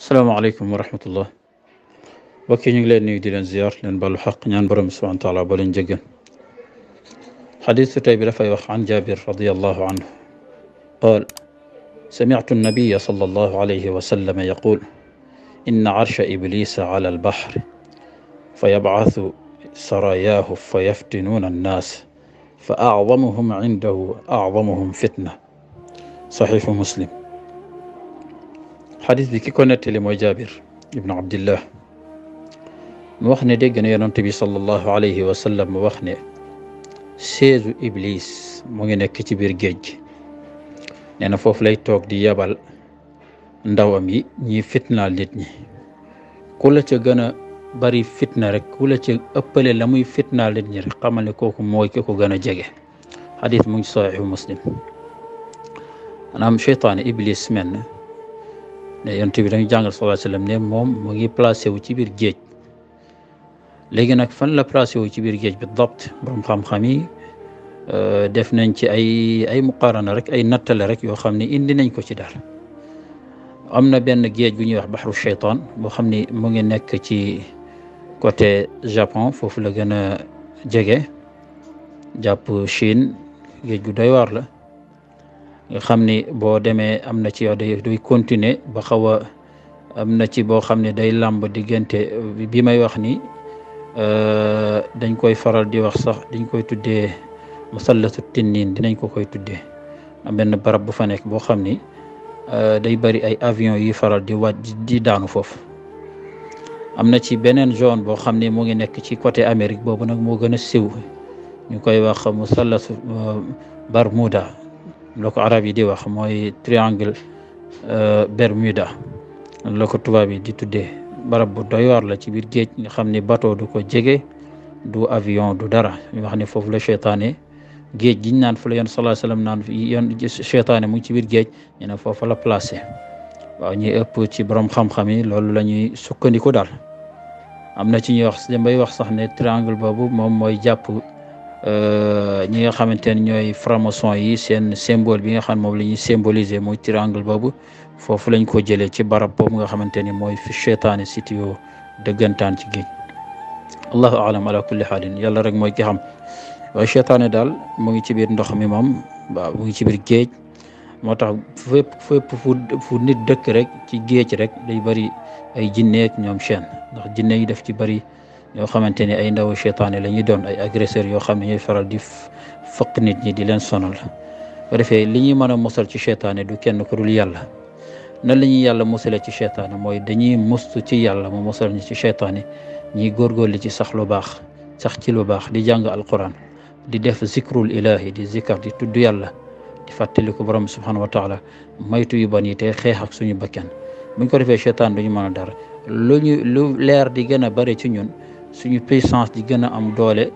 السلام عليكم ورحمة الله وكي نقول لنا يدي لن زيار لن بالو حق نان برم سبحان تعالى بولن جگا حديث تايب لفا عن جابر رضي الله عنه قال سمعت النبي صلى الله عليه وسلم يقول إن عرش إبليس على البحر فيبعث سراياه فيفتنون الناس فأعظمهم عنده أعظمهم فتنة صحيح مسلم xadis bi ki ko nettali mooy jaabir ibnu abdillah mu wax ne dégg na yonent bi sallallahu alayhi wa sallam mu wax ne seesu iblis mu ngi nekk ci biir géej gi nee na foofu lay toog di yabal ndawam yi ñiy fitnaal nit ñi ku la ca gën a bari fitna rek ku la ca ëppale la muy fitnaal nit ñi rek xamal ne kooku mooy ki ko gën a jege xadis mu ngi saxiixu muslim maanaam cheytaane iblis mel na ne yonent bi dañu jàngal sallallahu alayhi moom mu ngi placé wu ci biir géej léegi nag fan la placé wu ci biir géej bi dabt borom xam-xam euh, def nañ ci ay ay rek ay nattale rek yoo xam ne indi nañ ko ci daal am na benn géej gu ñuy wax baxru cheytaan boo xam ni mu ngi nekk ci côté Japon foofu la gën a jege jàpp Chine géej gu doy waar la nga xam ni boo demee am na ci yow day day continuer ba xaw a am na ci boo xam ne day làmb diggante bii may wax ni euh, dañ koy faral di wax sax dañ koy tuddee musallatu tinniin dinañ ko koy tuddee am benn barab bu fa nekk boo xam ni euh, day bari ay avion yuy faral di wàcc di daanu foofu am na ci beneen zone boo xam ni mu ngi nekk ci côté Amérique boobu nag moo gën a siw ñu koy wax musallatu euh, Barmuda la arab yi di wax mooy triangle euh, Bermuda la ko tubaab yi di tuddee barab bu doy waar la ci biir géej nga xam ne bateau du ko jege du avion du dara ñu wax ne foofu la cheytaane géej giñ naan fa la yoon sallallahu alayhi wasallam naan mu ngi ci biir géej ñu ne la placé waaw ñuy ëpp ci borom xam-xam yi loolu la sukkandiku daal am na ci ñuy wax wax sax ne triangle boobu moom mooy jàpp Euh, ñi nga xamante ne ñooy framason yi seen symbole bi nga xam moom la ñuy symboliser mooy triangle boobu foofu lañ ko jëlee ci barab boobu nga xamante ni mooy fi cheytaane sitio dëggantaan ci géej allahu alam ala kulli xaalin yàlla rek mooy ki xam waaye cheytaane daal mu ngi ci biir ndox mi moom waaw mu ngi ci biir géej moo tax fépp fépp fu fu nit dëkk rek ci géej rek day bëri ay jinneek ñoom seen ndax jinne yi def ci bëri ñoo xamante ay ndaw seytaane la ñuy doon ay agresseur yoo xam ñuy faral di fëq nit ñi di leen sonal bu defee li ñuy mën a musal ci seytaane du kenn ku dul yàlla nan la yàlla musalee ci seytaane mooy dañuy mustu ci yàlla mu musal ñu ci seytaane ñiy góorgóorlu ci sax lu baax sax ci lu baax di jàng alquran di def zikrul ilahi di zikar di tudd yàlla di fàttali ko borom subhanahu wa taala maytu yu ban te xeex ak suñu bakkan buñ ko defee seytaane duñu mën a dara lu leer di gën a ci ñun suñu puissance di gën a am doole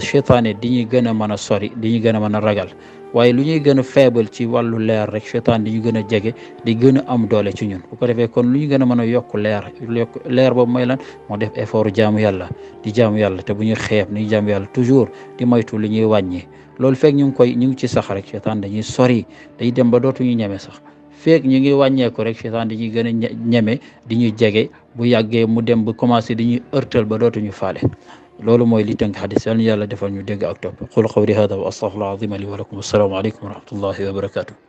cheytaane euh, di ñu gën a mën a sori di ñu gën a mën a ragal waaye lu ñuy gën a faible ci wàllu leer rek cheytaane di ñu gën a jege di gën a am doole ci ñun bu ko defee kon lu ñu gën a mën a yokk leer yokk leer boobu mooy lan moo def effort jaamu yàlla di jaamu yàlla te bu ñu xeeb ni jaamu yàlla toujours di moytu li ñuy wàññi loolu fekk ñu ngi koy ñu ngi ci sax rek cheytaane dañuy sori day dem ba dootuñu ñeme sax feek ñu ngi wàññeeku rek cheytaane di gën a ñeme di ñu jege bu yàggee mu dem ba commencé dañuy ërtal ba dootuñu faale loolu mooy li tënk xadis yàlla yàlla defal ñu dégg ak topp qul qawli hada wa astaghfirullah azim li wa lakum assalaamu aleykum wa rahmatullahi